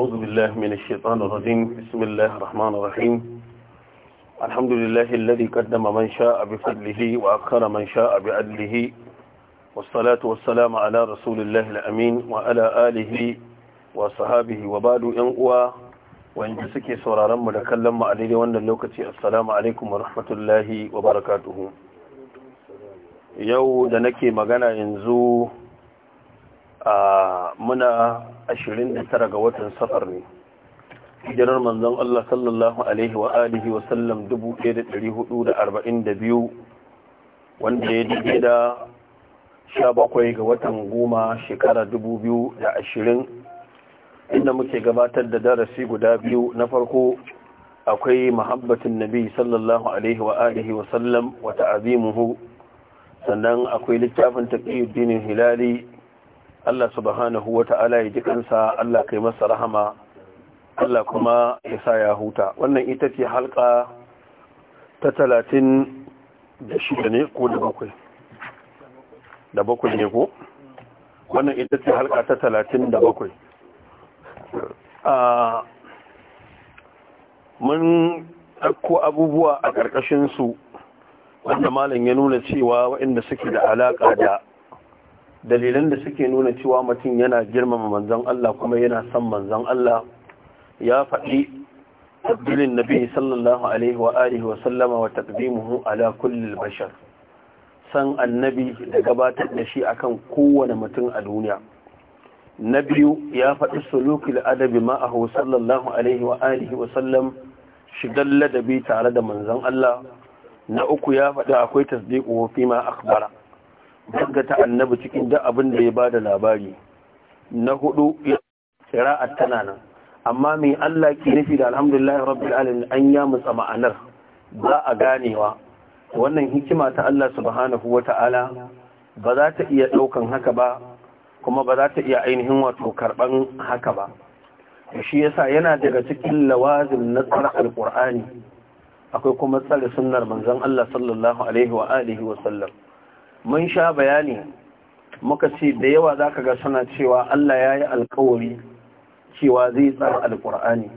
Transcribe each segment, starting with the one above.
أعوذ بالله من الشيطان الرجيم بسم الله الرحمن الرحيم الحمد لله الذي قدم من شاء بفضله وأخر من شاء بعدله والصلاة والسلام على رسول الله الأمين وعلى آله وصحابه وبعد إنقوى وإن جسكي سرارا متكلم عليه وأن اللوكة السلام عليكم ورحمة الله وبركاته yau da nake magana yanzu a muna ashirin da tara ga watan safar ne hijirar manzon Allah sallallahu alaihi wa alihi wa sallam dubu ɗaya da hudu da arba'in da biyu wanda ya daidai da sha bakwai ga watan goma shekara dubu biyu da ashirin inda muke gabatar da darasi guda biyu na farko akwai muhabbatin nabi sallallahu alaihi wa alihi wa sallam wa ta'azimuhu sannan akwai littafin taqiyuddin hilali Allah subhanahu wa ta'ala ya ji kansa Allah kai masa rahama Allah kuma ya sa ya huta wannan ita ce halka ta talatin da shida ne ko da bakwai da bakwai ne ko wannan ita ce halka ta talatin da bakwai a mun ɗauko abubuwa a ƙarƙashinsu wanda malam ya nuna cewa waɗanda suke da alaƙa da dalilan da suke nuna cewa mutum yana girmama manzon Allah kuma yana son manzon Allah ya faɗi tabbinin nabi sallallahu alaihi wa alihi wa sallama wa taqdimuhu ala kulli bashar san annabi da gabatar da shi akan kowane mutum a duniya na biyu ya faɗi sulukul adabi ma'ahu sallallahu alaihi wa alihi wa sallam shigar ladabi tare da manzon Allah na uku ya faɗi akwai tasdiqu fi ma akhbara gaggata annabi cikin duk abin da ya bada labari na hudu qira'at tana nan amma me Allah ke nufi da alhamdulillah rabbil alamin an ya mutsa ma'anar za a ganewa wannan hikima ta Allah subhanahu wata'ala ba za ta iya daukan haka ba kuma ba za ta iya ainihin wato karɓan haka ba shi yasa yana daga cikin lawazim na tsara alqur'ani akwai kuma tsare sunnar manzon Allah sallallahu alaihi wa alihi wa sallam mun sha bayani muka ce da yawa za ka ga suna cewa Allah ya yi alkawari cewa zai tsara alkur'ani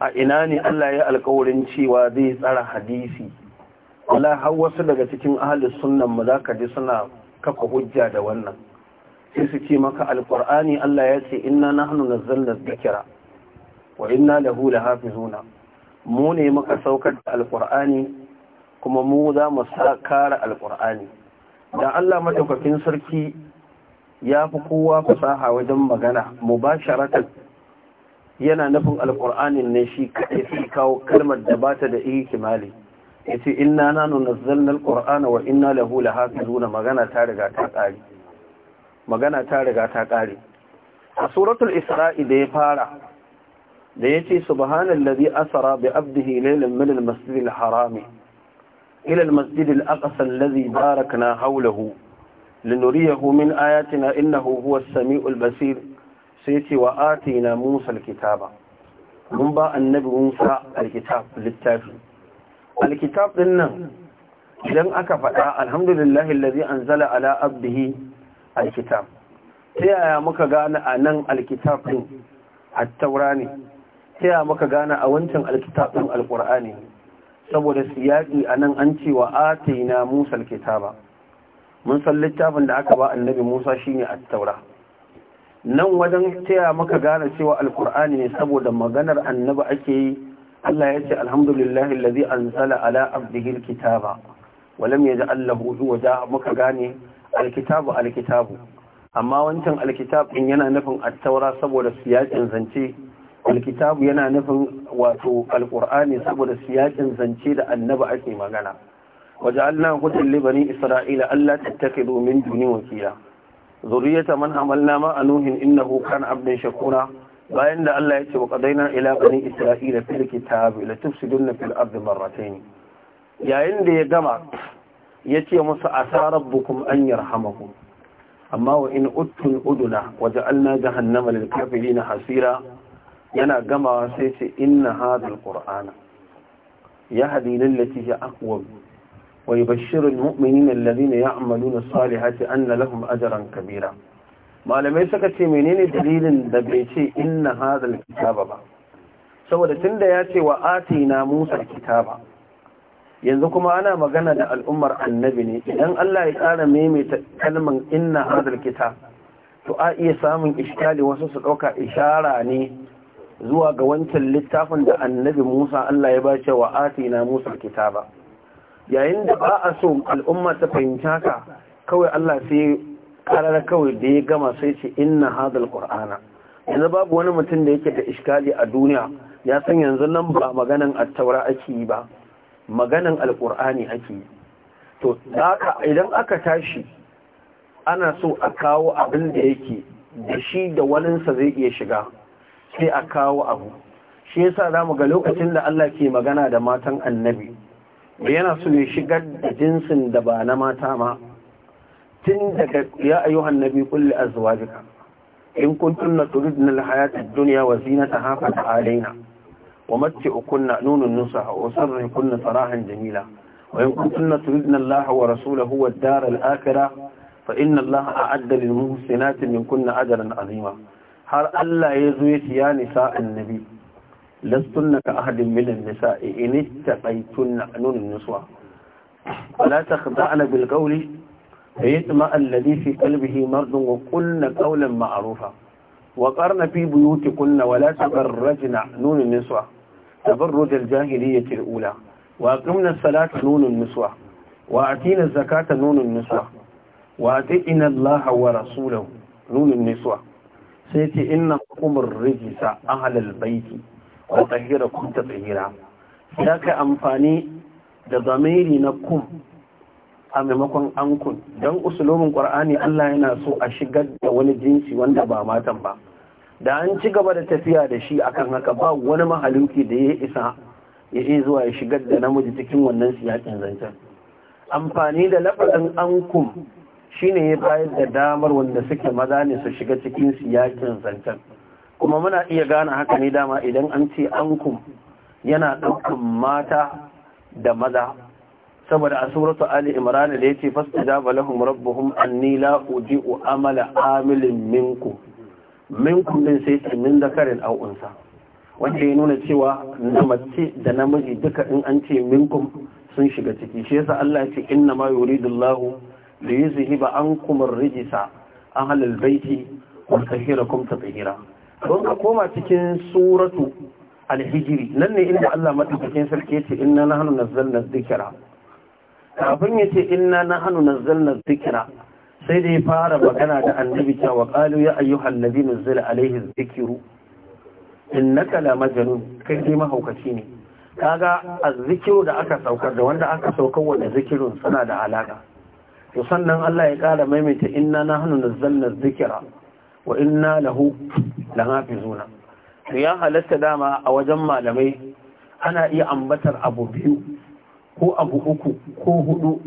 a ina ne Allah ya yi alkawarin cewa zai tsara hadisi wala har wasu daga cikin ahalus sunnan mu zaka ji suna kafa hujja da wannan sai su ce maka alkur'ani Allah ya ce na inna nahnu da kira wa da hafi zuna mu ne muka saukar da alkur'ani kuma mu za mu sa kara alkur'ani da Allah madaukakin sarki ya fi kowa fasaha wajen magana mubasharatan yana nufin Alƙur'ani ne shi kadai fi kawo kalmar da bata da ihtimali yace inna nanu nazzalna alqur'ana wa inna lahu lahafizuna magana ta riga ta kare magana ta riga ta kare a suratul isra'i da ya fara da yace subhanallazi asra bi abdihi laylan min almasjidil harami إلى المسجد الأقصى الذي باركنا حوله لنريه من آياتنا إنه هو السميع البصير سيتي وآتينا موسى الكتاب من با النبي موسى الكتاب للتافي الكتاب لنا idan aka faɗa alhamdulillahi allazi anzala ala abdihi alkitab ta yaya muka gane a nan alkitab din at ne ta yaya muka gane a wancan alkitab ɗin alqur'ani saboda siyaƙi a nan an ce wa na musa alkitaba mun san littafin da aka ba annabi musa shine a taura nan wajen taya maka gane cewa alkur'ani ne saboda maganar annabi ake yi Allah ya ce lalzi an anzala ala abdihi walam ya ji Allah lahu iwaja muka gane alkitabu alkitabu amma wancan alkitab yana nufin attaura taura saboda yaƙin zance alkitabu yana nufin wato alkur'ani saboda siyakin zance da annaba ake magana waje allah hudun libanin isra'ila allah tattake domin duni wakila zuriyata man hamalna ma a nuhin innahu kan abdin shakura bayan da allah ya ce wa kadaina ila bani isra'ila fil kitabi la tufsiduna fil ardi marratayn yayin da ya gama ya ce musu asarar rabbukum an yarhamakum amma wa in uttul uduna allah jahannama lil kafirin hasira yana gamawa sai ce inna hadal qur'ana ya lil lati ya aqwa wa yubashshiru almu'minina alladhina ya'maluna salihati anna lahum ajran kabira malamai suka ce menene dalilin da bai ce inna hadal kitaba ba saboda tunda ya ce wa atina musa kitaba yanzu kuma ana magana da al'ummar annabi ne idan Allah ya kara maimaita kalman inna hadal kita to a iya samun iskali wasu su ɗauka ishara ne zuwa ga wancan littafin da annabi Musa Allah ya bace wa atina Musa kitaba yayin da ba a so al'umma ta fahimta ka kawai Allah sai karar kawai da ya gama sai ce inna hadal qur'ana yanzu babu wani mutum da yake da iskali a duniya ya san yanzu nan ba maganan taura ake yi ba maganan al-qur'ani ake yi to haka idan aka tashi ana so a kawo abin da yake da shi da waninsa zai iya shiga sai a kawo abu shi yasa za mu ga lokacin da Allah ke magana da matan annabi da yana so ya shigar da jinsin da ba na mata ma tun daga ya ayyuhan nabi kulli azwajika in kuntunna turidna alhayata ad-dunya wa zinataha fa alaina wa matti'ukunna nunun nusaha wa sarrihukunna sarahan jamila wa in kuntunna turidna Allah wa rasulahu wad-dar al-akhirah fa inna Allah a'adda lil muhsinati minkunna ajran azima har Allah ya zo ya siya nisa annabi lastunna ka ahadin min nisa in ta baitun na nun nuswa wala ta khada ana bil qawli ayyatma alladhi fi qalbihi mardu wa qulna qawlan ma'rufa wa qarna fi buyuti qulna wala tabarrajna nun nuswa tabarruj al jahiliyyati al ula wa aqimna salata nun nuswa wa atina zakata nun nuswa wa atina allaha wa rasulahu nun nuswa sai ce inna hukumar rijisa halal baiki wa tsahira kun ta tsahira ya kai amfani da zamiri na kum a maimakon ankun don usulomin ƙwar'ani Allah yana so a shigar da wani jinsi wanda ba matan ba da an ci gaba da tafiya da shi akan haka ba wani mahaluki da ya isa ya yi zuwa ya shigar da namiji cikin wannan siyakin zancen amfani da lafazin ankun Shi ne ya bayar da damar wanda suke maza ne su shiga cikin siyakin zancen kuma muna iya gane haka ne dama idan an ce ankum yana ɗaukan mata da maza saboda a suratu ali imran da ya yace rabu balahum rabbuhum anni la uji'u amala amilin minku minkum din sai ce min da aw unsa wanda ya nuna cewa na mace da namiji duka in an ce minkum sun shiga ciki shi yasa Allah ya ce inna ma yuridullahu da yi zuhi an kumar rijisa an halal baiti wa tsahira kum ta tsahira don ka koma cikin suratu alhijiri nan ne inda Allah madaukakin sarki ya ce inna nahnu nazzalna zikira. kafin ya ce inna nahnu nazzalna zikira, sai da ya fara magana da annabi cewa qalu ya ayyuhal ladhi alaihi zikiru. In na kala majnun kai dai mahaukaci ne kaga zikiru da aka saukar da wanda aka saukar wanda zikirin suna da alaƙa. to sannan Allah ya kara maimaita inna na na zannar zikira wa inna lahu zuna to ya halatta dama a wajen malamai ana iya ambatar abu biyu ko abu uku ko hudu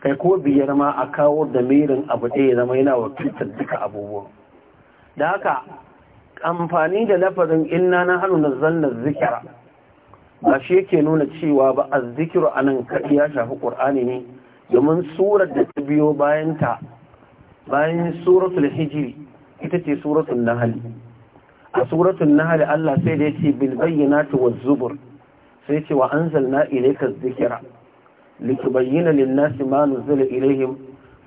kai ko biyar ma a kawo da mirin abu ɗaya zama yana wakiltar duka abubuwa da haka amfani da lafarin inna na hannu na zannar zikira ba shi yake nuna cewa ba a zikiru a nan kaɗi ya shafi ƙur'ani ne domin surar da ta biyo bayan ta bayan suratul hijiri, ita ce suratul nahl a suratul nahl Allah sai da yace bil bayyinati waz zubur sai ce wa anzalna ilayka dhikra litubayyana lin-nasi ma nuzila ilayhim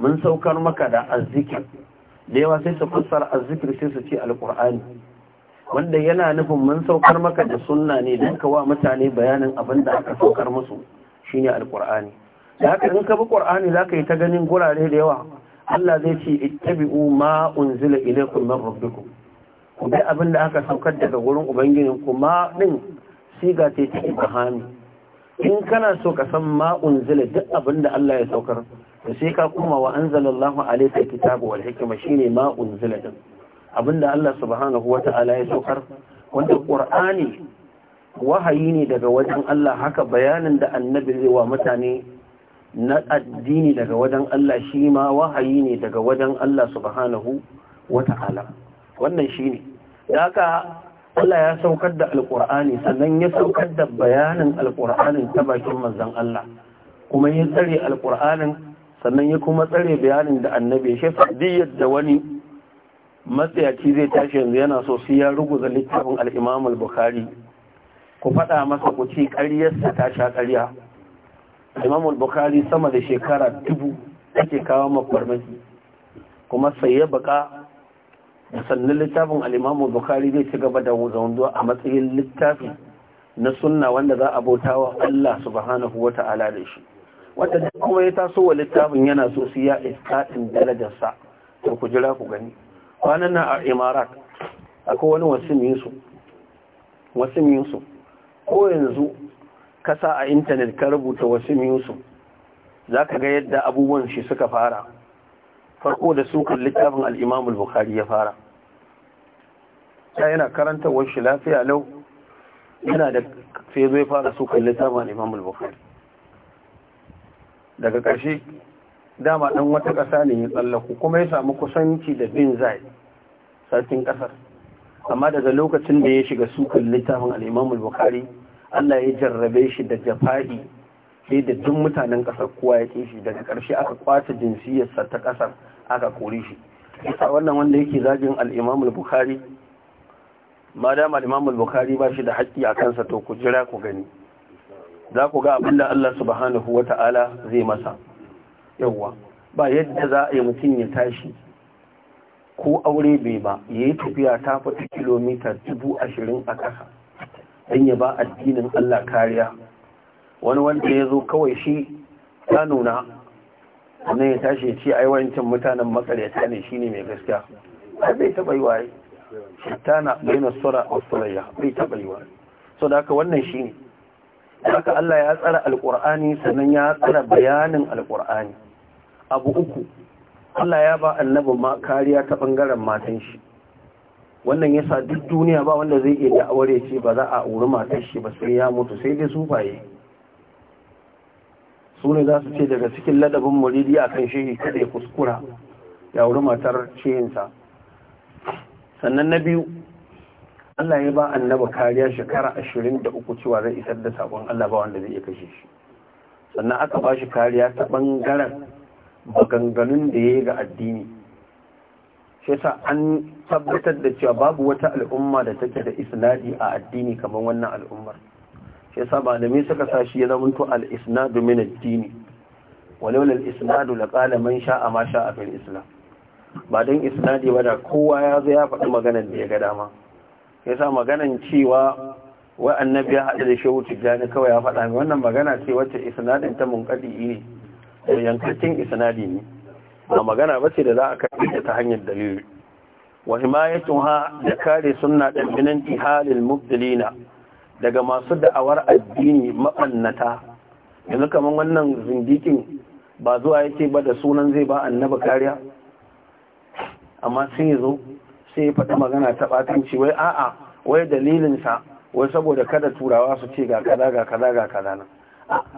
mun saukar maka da azzikir da yawa sai su fassara azzikir sai su ce alqur'ani wanda yana nufin mun saukar maka da sunna ne don ka wa mutane bayanin abin da aka saukar musu shine alqur'ani da haka in ka bi qur'ani zaka yi ta ganin gurare da yawa Allah zai ce ittabi'u ma unzila ilaykum min rabbikum ku bi abin da aka saukar daga wurin ubangijin ku ma din siga ce ta in kana so ka san ma unzila duk abin da Allah ya saukar to sai ka kuma wa anzalallahu alayka kitaba wal hikma shine ma unzila din abinda Allah subhanahu wata'ala ya saukar wanda qur'ani wahayi ne daga wajen Allah haka bayanin da annabi zai wa mutane na addini daga wajen Allah shi ma wahayi ne daga wajen Allah subhanahu wata'ala wannan shi ne da aka Allah ya saukar da alƙur'ani sannan ya saukar da bayanin alƙur'anin ta bakin manzan Allah kuma ya tsare alƙur'anin sannan ya kuma tsare bayanin da annabi shi fadiyar da wani matsayaci zai tashi yanzu yana so sai ya ruguza littafin al-Imam bukhari ku faɗa masa ku ci ƙaryarsa ta sha ƙarya al bukhari sama da shekara dubu ake kawo makwarmaki kuma sai ya baka da sannan littafin al Bukhari zai ci gaba da zaunduwa a matsayin littafi na sunna wanda za a bauta wa Allah subhanahu wa ta'ala da shi wanda kuma ya taso wa littafin yana so su ya iskaɗin darajarsa to ku jira ku gani kwanan na a imarat akwai wani wasu yinsu ko yanzu ka sa a intanet ka rubuta wasu yusuf za ka ga yadda abubuwan shi suka fara farko da sukan littafin al'imamul bukari ya fara ta yana karanta wasu lafiya lau yana da sai zai fara sukan littafin al'imamul bukari daga ƙarshe dama ɗan wata ƙasa ne ya tsallaku kuma ya samu kusanci da bin zai sarkin ƙasar amma daga lokacin da ya shiga sukan littafin al'imamul bukari Allah ya jarrabe shi da jafa'i sai da duk mutanen ƙasar kowa ya ƙi shi daga ƙarshe aka kwace jinsiyarsa ta ƙasar aka kori shi isa wannan wanda yake zagin al bukhari madama dama bukhari ba shi da haƙƙi a kansa to ku jira ku gani za ku ga abin da Allah subhanahu Ta'ala zai masa yawwa ba yadda za a yi mutum ya tashi ko aure bai ba ya yi tafiya ta fata kilomita dubu ashirin a ƙasa don ya ba addinin Allah kariya wani wanda ya zo kawai shi ta nuna wannan ya tashi ya ce aiwancin mutanen makaryata ne shine mai gaskiya ai bai taɓa yi waye na baina sura wa surayya bai taɓa yi waye so da haka wannan shine haka Allah ya tsara alqur'ani sannan ya tsara bayanin alqur'ani abu uku Allah ya ba annabin ma kariya ta ɓangaren matan shi wannan yasa duk duniya ba wanda zai iya da'awar ya ce ba za a auri matar shi ba sai ya mutu sai dai sufaye su ne za su ce daga cikin ladabin muridi a kan shehi kada ya kuskura ya auri matar shehinsa sannan na biyu Allah ya ba annaba kariya shekara ashirin da uku cewa zai isar da sabon Allah ba wanda zai iya kashe shi sannan aka ba shi kariya ta ɓangaren maganganun da ya yi ga addini shi sa an tabbatar da cewa babu wata al'umma da take da isnadi a addini kamar wannan al'ummar shi yasa malamai suka sashi ya zama to al-isnadu min ad-dini walau lal isnadu qala man sha'a ma sha'a fil islam ba dan isnadi ba da kowa ya zo ya faɗi maganar da ya ga dama yasa maganar cewa wa annabi ya haɗu da shehu tijjani kawai ya faɗa mai wannan magana ce wacce isnadin ta munƙadi ne yankacin isnadi ne ba magana ba ce da za a karɓi ta hanyar dalili wa himayatuha da kare sunna din minan ihalil mubdilina daga masu da'awar addini ma'annata yanzu kaman wannan zindikin ba zuwa yake ba da sunan zai ba annaba kariya amma sai yazo sai ya faɗi magana ta batanci wai a'a wai dalilin wai saboda kada turawa su ce ga kaza ga kaza ga kaza nan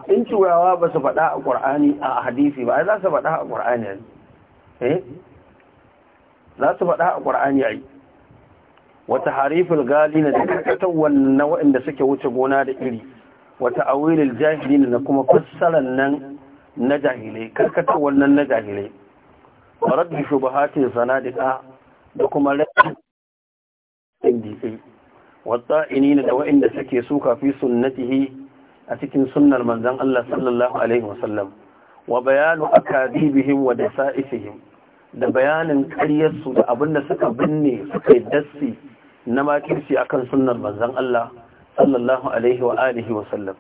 in turawa ba su faɗa a ƙur'ani a hadisi ba ai za su faɗa a ƙur'ani eh za su faɗa a ƙwar'ani ai wata harifin gali na da karkatar wannan waɗanda suke wuce gona da iri wata awilil jahili na kuma fassarar nan na jahilai karkatar wannan na jahilai farar da shubahatin sanadika da kuma rashin ɗin wata inina da waɗanda suke suka fi sunnatihi a cikin sunnar manzan Allah sallallahu Alaihi wasallam wa bayanu akadibihim wa da sa'isihim da bayanin karyarsu da abinda suka binne suka dassi na makirci akan sunnar manzon Allah sallallahu alaihi wa alihi wa sallam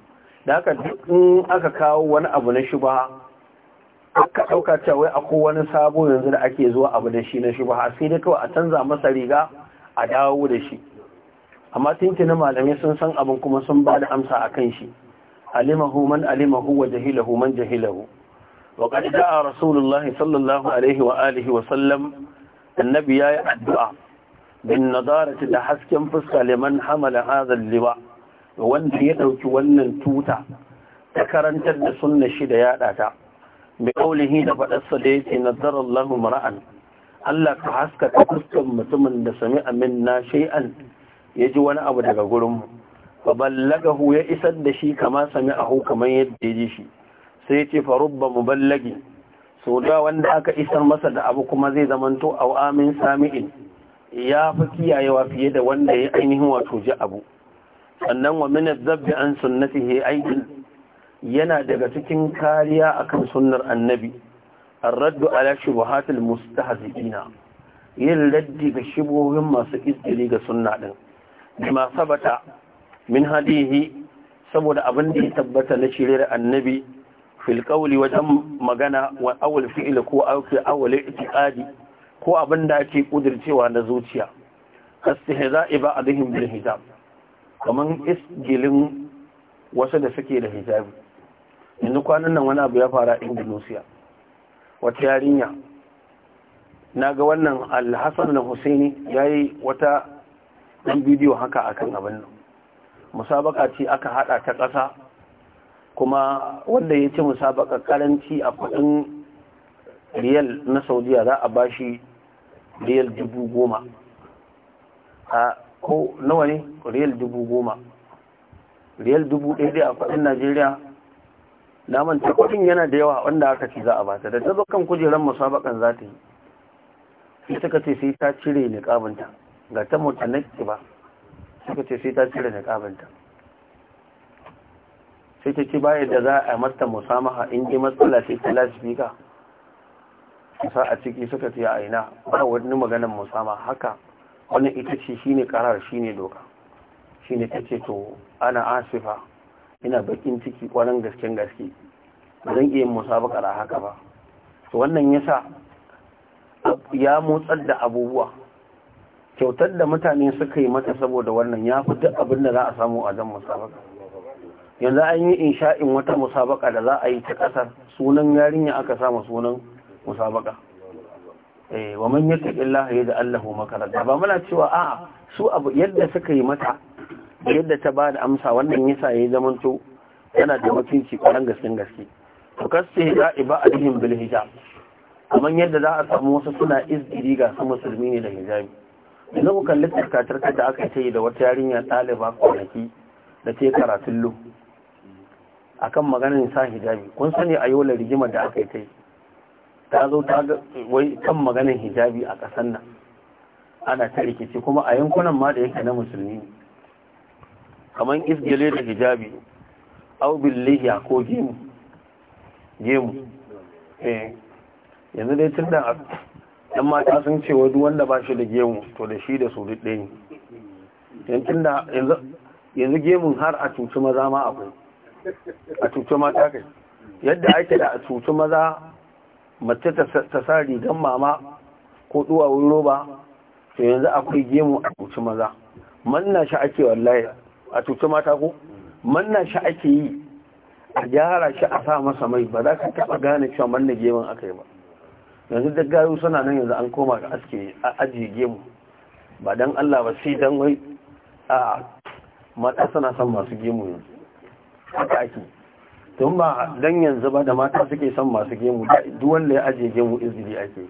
da haka in aka kawo wani abu na shubha aka dauka cewa akwai wani sabo yanzu da ake zuwa abu da shi na shubha sai dai kawai a canza masa riga a dawo da shi amma tuntuni malamai sun san abin kuma sun ba da amsa akan shi alimahu man alimahu wa jahilahu man jahilahu وقد دعا رسول الله صلى الله عليه وآله وسلم النبي يا الدعاء بالنضارة تحسك انفسك لمن حمل هذا اللواء وان يدوك وان توتا تكرنت لسنة شدياتا بقوله دفع الصديق نظر الله مرأة Allah ka haskaka fuskan mutumin da sami minna shay'an ya ji wani abu daga gurinmu fa ballagahu ya isar da shi kama sami ahu kamar yadda ya ji shi sai ce farubba muballagi so da wanda aka isar masa da abu kuma zai zamanto a amin sami'in ya fi kiyayewa fiye da wanda ya ainihin wato ji abu sannan wa min zabbi an he aiki yana daga cikin kariya akan sunnar annabi An الرد على شبهات المستهزئين yin raddi ga shibohin masu iskili ga sunna din bima sabata min hadihi saboda abin da ya tabbata na shirye annabi fil wajen magana wa awal fi'l ko auki awal i'tiqadi ko abin da ake kudircewa na zuciya istihza'i adihim bil hijab kaman isgilin wasu da suke da hijabi yanzu kwanan nan wani abu ya fara Indonesia wata yarinya na ga wannan alhassan na husaini ya yi wata ɗan bidiyo haka akan abin nan musabaka ce aka haɗa ta ƙasa kuma wanda ya ce musabaka karanci a kudin riyal na saudiya za a bashi riyal dubu goma a ko nawa ne riyal dubu goma riyal dubu ɗaya a kudin najeriya na manta kudin yana da yawa wanda aka ci za a ba ta da ta kan kujerar musabakan za ta yi sai suka ce sai ta cire kabinta ga ta mutanakki ba suka ce sai ta cire kabinta sai ta ce baya da za a mata musamaha in ji matsala sai ta lasifika sa a ciki suka ce a ina ba wani maganin musama haka wani ita ce shi ne karar ne doka shine ta ce to ana asifa ina bakin ciki kwanan gasken gaske ba zan iya kara haka ba to wannan yasa ya motsar da abubuwa kyautar da mutane suka yi mata saboda wannan ya fi duk abin da za a samu a zan musabaka yanzu an yi insha'in wata musabaka da za a yi ta ƙasar sunan yarinya aka sama sunan musabaka eh wa man yattaqillaha yaj'al lahu makarata ba muna cewa a'a su abu yadda suka yi mata yadda ta ba da amsa wannan yasa yayi zamanto yana da mutunci karan gaskin gaske to kasse da alihim bil hijab kamar yadda za a samu wasu suna izdiri ga su musulmi ne da hijabi yanzu ku kalli tsarkatar da aka yi da wata yarinya ɗaliba kwanaki da ce karatun lu akan maganin sa hijabi kun sani a yola rigimar da aka yi ta yi ta zo ta wai kan magana hijabi a ƙasar nan ana ta rikici kuma a yankunan ma da yake na musulmi kamar isgale da hijabi au billiya ko gemu gemu eh yanzu dai tun da mata sun ce duk wanda ba shi da gemu to da shi da su duk ɗaya ne yanzu gemun har a cuci maza ma akwai a cuci mata kai yadda ake da a cuci maza mace ta sa rigan mama ko wurin roba to yanzu akwai gemu a cuci maza manna shi ake wallahi a cuci mata ko manna shi ake yi a gyara shi a sa masa mai ba za ka taba gane cewa manna gemun aka yi ba yanzu da gayu suna nan yanzu an koma ga aske a ajiye gemu ba dan Allah ba sai dan wai a mata suna son masu gemu yanzu haka ake tun ba yanzu ba da mata suke son masu gemu duk wanda ya ajiye gemu izini ake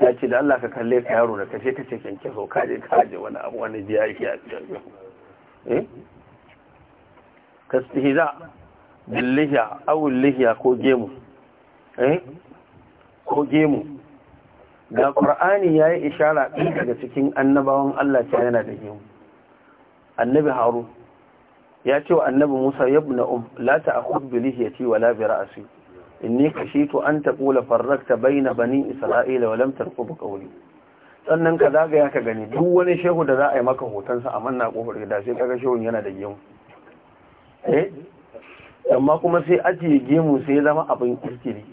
ya ce da Allah ka kalle ka yaro da kace ce kyanke so ka je ka aje wani abu wani biya yake a cikin eh kastihza billiya aw lihiya ko gemu eh ko gemu da qur'ani yayi isharar daga cikin annabawan Allah ta yana da gemu annabi haru. ya ce wa annabi Musa ya ibn um la ta'khud bi lihiyati wa la bi ra'si inni to an taqula bai bayna bani isra'ila wa lam tarqub qawli sannan ka zagaya ka gani duk wani shehu da za a yi maka hotonsa a manna kofar gida sai kaga shehun yana da gemu eh amma kuma sai ajiye gemu sai ya zama abin iskiri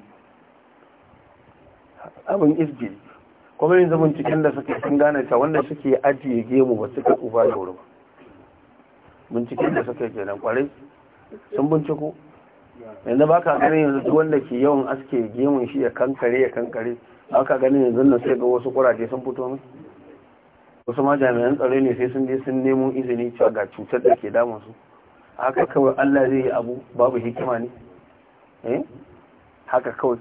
abin iskiri kuma yin cikin da suke sun gane ta wanda suke ajiye gemu ba suka tsufa da wuri ba binciken da suka kenan kwarai sun binciko yanzu ba ka ganin yanzu wanda ke yawan aske gemun shi ya kankare ya kankare ba ka ganin yanzu nan sai ga wasu kuraje sun fito mai wasu ma jami'an tsaro ne sai sun je sun nemo izini cewa ga cutar da ke damun su haka kawai Allah zai yi abu babu hikima ne eh haka kawai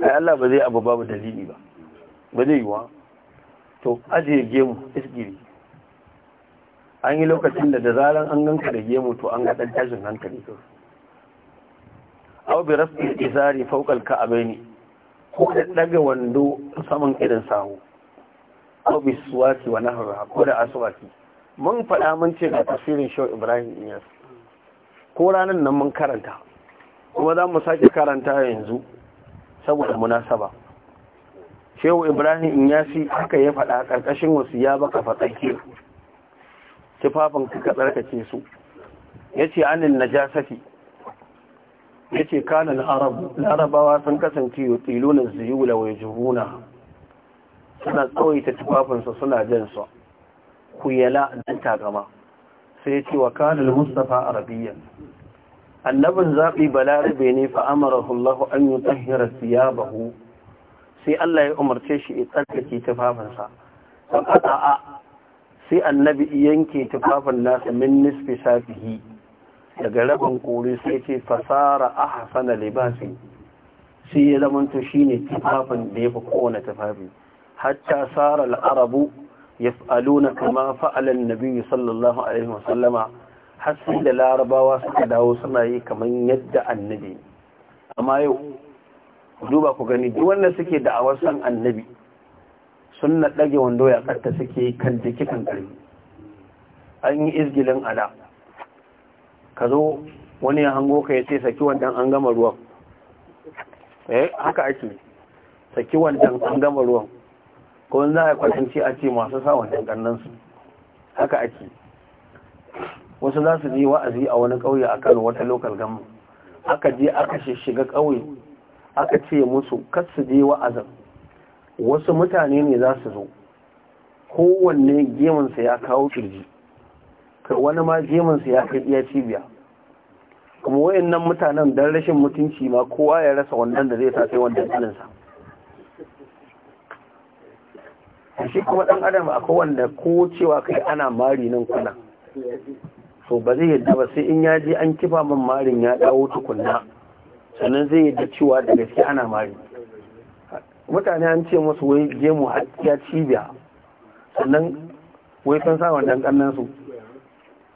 ai Allah ba zai abu babu dalili ba ba zai yi wa? to ajiye gemu isgiri an yi lokacin da da zaran an ganka da gemu to an ga tashin hankali to aw bi rafi izari fawqa al ne, ko da daga wando saman irin sahu aw bi suwaki wa nahwa ko da aswaki mun faɗa mun ce ga tafsirin shaw Ibrahim Iyas ko ranan nan mun karanta kuma za mu sake karanta yanzu saboda munasaba Shehu Ibrahim Iyasi haka ya faɗa ƙarƙashin wasu ya baka faɗa tufafin ka tsarkake su yace anil najasati yace kana al-arab larabawa sun kasance yutiluna zuyula wa yajhuna suna tsawaita tufafin suna jin su kuyala dan takama sai yace wa kana al-mustafa annabin zaɓi balarabe ne fa amarahu Allah an yutahhira bahu. sai Allah ya umarce shi ya tsarkake tufafinsa a sai annabi yanke tufafin nasa min nisfi safihi daga rabin kore sai ce fasara a hasana libasi sai ya zamanto shine tufafin da ya fi kowane tufafi hatta sara ya fa’alu na kama fa'alin Nabiyyu nabi sallallahu alaihi wasallama har sai da larabawa suka dawo suna yi kamar yadda annabi amma yau duba ku gani duk wanda suke da'awar san annabi sunna ɗage wando ya ƙarta suke kan jiki kan ƙarfi an yi izgilin ala ka zo wani ya hango ka ya ce saki wandan an gama ruwan eh haka ake saki wandan an gama ruwan ko za a kwatanci a ce masu sa wandan ƙannan su haka ake wasu za su je wa'azi a wani ƙauye a kano wata lokal gama aka je aka shiga ƙauye aka ce musu kar su je wa'azin wasu mutane ne za su zo kowanne gemansa ya kawo kirji wani ma gemansa ya kai iya cibiya kuma wayannan mutanen don rashin mutunci ma kowa ya rasa wannan da zai sa sai wannan ɗaninsa shi kuma ɗan adam a kowanne ko cewa kai ana mari nan kuna so ba zai yadda ba sai in ya je an kifa man marin ya dawo tukunna sannan zai yadda cewa da gaske ana mari mutane an ce masu wai gemu a ya cibiya sannan wai sun sa wannan kannan su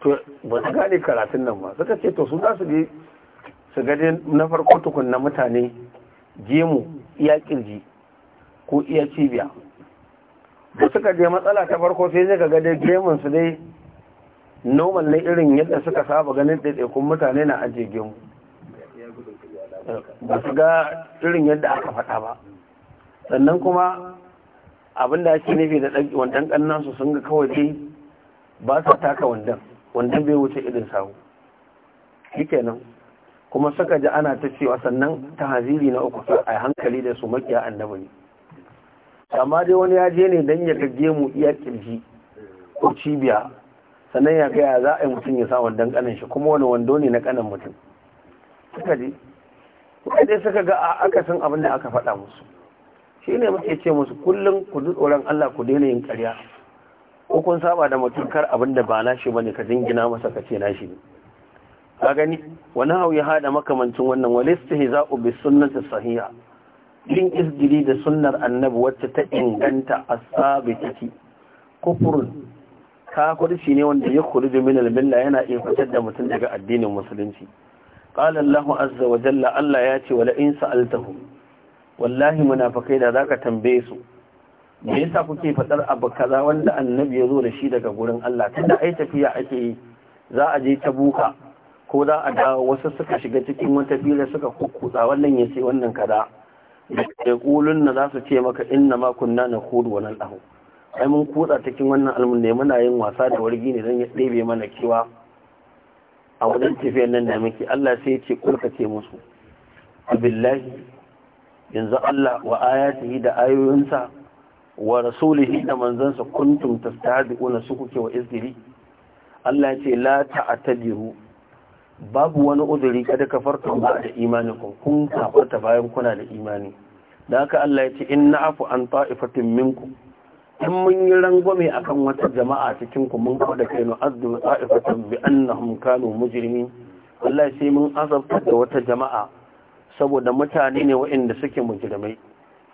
to ba su gane karatun nan ba suka ce to su za su je su gaje na farko tukun na mutane gemu iya kirji ko iya cibiya su suka je matsala ta farko sai zai ga dai gemun su dai normal ne irin yadda suka saba ganin ɗaiɗaikun mutane na ajiye gemu ba su ga irin yadda aka faɗa ba sannan kuma abin da ake nufi da wandan ƙannan su sun ga kawai dai ba su taka wandan wandan bai wuce irin sahu. shikenan kuma suka ji ana ta cewa sannan ta haziri na uku a hankali da su makiya annabi ne amma dai wani ya je ne dan ya kage mu iya kirji ko cibiya sannan ya gaya za a yi mutum ya sa wandan kanan shi kuma wani wando ne na kanan mutum suka je dai suka ga a akasin abin da aka faɗa musu shi ne muke ce musu kullum ku ji tsoron Allah ku daina yin ƙarya ko kun saba da mutum kar abin da ba shi bane ka jingina masa ka ce nashi ne ka gani wani hau ya hada makamancin wannan wal istihza'u bi sunnati sahiha yin isgiri da sunnar annabi wacce ta inganta as-sabitati kufrun kafirci ne wanda ya kurji min al-milla yana iya fitar da mutum daga addinin musulunci qala Allahu azza wa jalla Allah ya ce wala in sa'altahum wallahi munafikai da zaka tambaye su me yasa kuke fadar abu kaza wanda annabi ya zo da shi daga gurin Allah tunda ai tafiya ake yi za a je ta buka ko za a dawo wasu suka shiga cikin wata fila suka kukkutsa wannan ya ce wannan kaza da kulun na za su ce maka inna ma kunna na hudu wa dahu. ai mun kutsa cikin wannan almun ne muna yin wasa da wargi ne don ya ɗebe mana kewa a wajen tafiyar nan da muke Allah sai ya ce kulka ce musu billahi yanzu Allah wa ayatihi da ayoyinsa wa rasulihi da manzansa kuntum tastahdiquna su kuke wa izgiri Allah ce la ta'tadiru babu wani uzuri kada ka farka ba da imaninku kun farka bayan kuna da imani dan haka Allah ya ce inna afu an ta'ifatin minkum in mun yi rangwame akan wata jama'a cikin ku mun kawo da kai no azdu ta'ifatan bi annahum kanu mujrimin Allah sai mun azabta da wata jama'a saboda mutane ne waɗanda suke mujrimai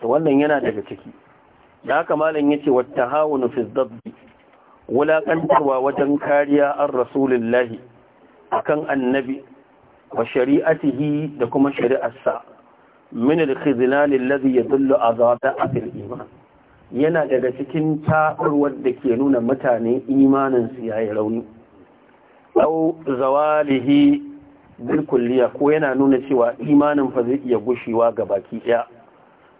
to wannan yana daga ciki da haka malam yace wattahawunu fi dhabbi wulaƙantarwa wajen kariya an rasulullahi akan annabi wa shari'atihi da kuma shari'arsa min al-khizlan alladhi yadullu azata afil iman yana daga cikin taɓarwar da ke nuna mutane imanin su yayi rauni aw zawalihi bilkulliya ko yana nuna cewa imanin fa zai iya gushewa ga baki ɗaya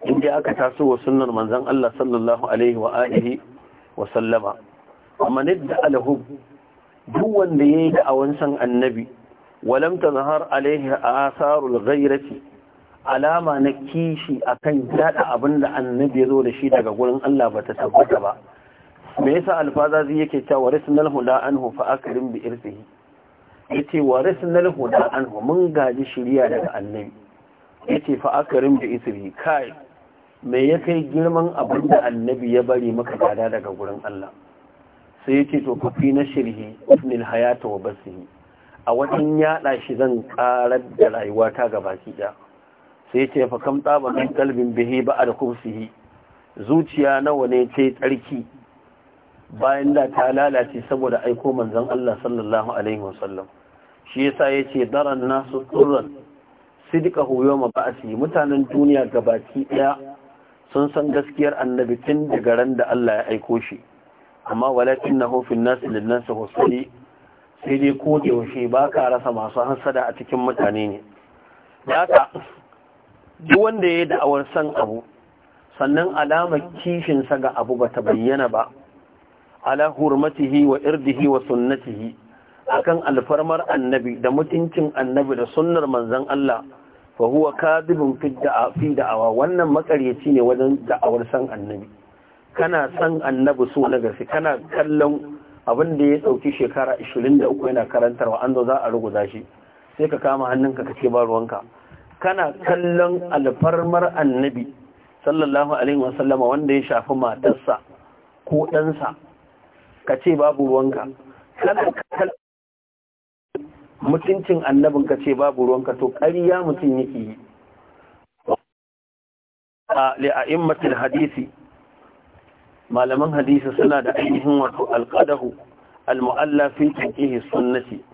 inda aka taso wa sunnar manzon Allah sallallahu alaihi wa alihi wa sallama amma da alahu duk wanda yayi da awan san annabi walam tazhar alaihi asarul ghairati alama na kishi akan dada abinda annabi ya zo da shi daga gurin Allah bata tabbata ba me yasa alfazazi yake cewa risnal huda anhu fa akrim bi irsihi ce yace warisnal huda anhu mun gaji shiriya daga annabi ce fa akarim da isri kai me ya kai girman abin da annabi ya bari maka gada daga gurin Allah sai yace to kufi na shirhi ibnil hayata wa basiri. a wajen yada shi zan karar da rayuwa ta gaba daya sai ce fa kam tsaba min kalbin bihi da kubsihi zuciya nawa ne ce tsarki bayan da ta lalace saboda aiko manzon Allah sallallahu alaihi wasallam shi yasa yace daran nasu turran sidqahu yawma ba'si mutanen duniya gabaki daya sun san gaskiyar annabi tun daga ran da Allah ya aiko shi amma walakinahu fil nas lin nas husli sai dai ko da yaushe ba ka rasa masu hasada a cikin mutane ne haka duk wanda ya yi da'awar san abu sannan alamar kishinsa ga abu ba ta bayyana ba ala hurmatihi wa irdihi wa sunnatihi akan alfarmar annabi da mutuncin annabi da sunnar manzon Allah fa huwa kadibun fi da'awa wannan makaryaci ne wajen da'awar san annabi kana san annabi so na gaske kana kallon abin da ya dauki shekara 23 yana karantarwa an zo za a ruguza shi sai ka kama hannunka ka ce ba ruwanka kana kallon alfarmar annabi sallallahu alaihi wasallama wanda ya shafi matarsa ko ɗansa ka ce babu ruwanka kana kallon. mutuncin annabin ka ce babu ruwanka to ya mutum yake yi a li'a'immatul hadisi malaman hadisi suna da ainihin wato alqadahu almu'alla fi sunnati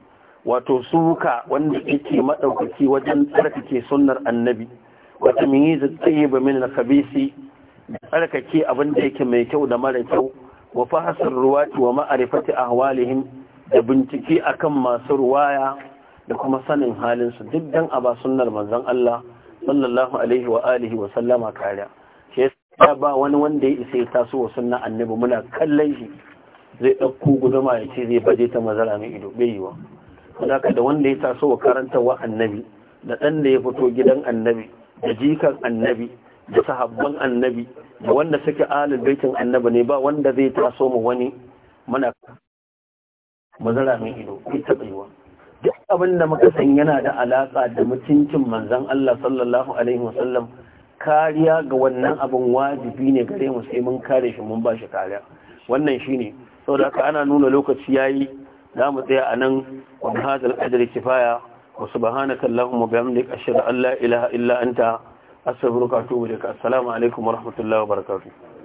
wato suka wanda yake maɗaukaki wajen tsarkake sunnar annabi wa tamyiz zai ba min al tsarkake abin da yake mai kyau da mara kyau wa fahsar ruwa wa ma'arifati ahwalihim da bincike akan masu ruwaya da kuma sanin halinsu duk dan a ba sunnar manzon Allah sallallahu alaihi wa alihi wa sallama kariya shi ya ba wani wanda ya isa ya taso wa sunna annabi muna kallon shi zai ɗauko guduma ya ce zai baje ta mazara mai ido bai yiwa haka da wanda ya taso wa karantarwa annabi da ɗan da ya fito gidan annabi da jikan annabi da sahabban annabi da wanda suke alil baitin annabi ne ba wanda zai taso mu wani muna mazara mai ido ku taɓa duk abin da muka san yana da alaƙa da mutuncin manzan Allah sallallahu alaihi wasallam kariya ga wannan abin wajibi ne gare mu sai mun kare shi mun ba shi kariya wannan shine saboda haka ana nuna lokaci yayi za mu tsaya a nan wa hadal qadri kifaya wa subhanaka allahumma bihamdika ashhadu an la ilaha illa anta astaghfiruka wa atubu ilaik assalamu alaikum wa rahmatullahi wa barakatuh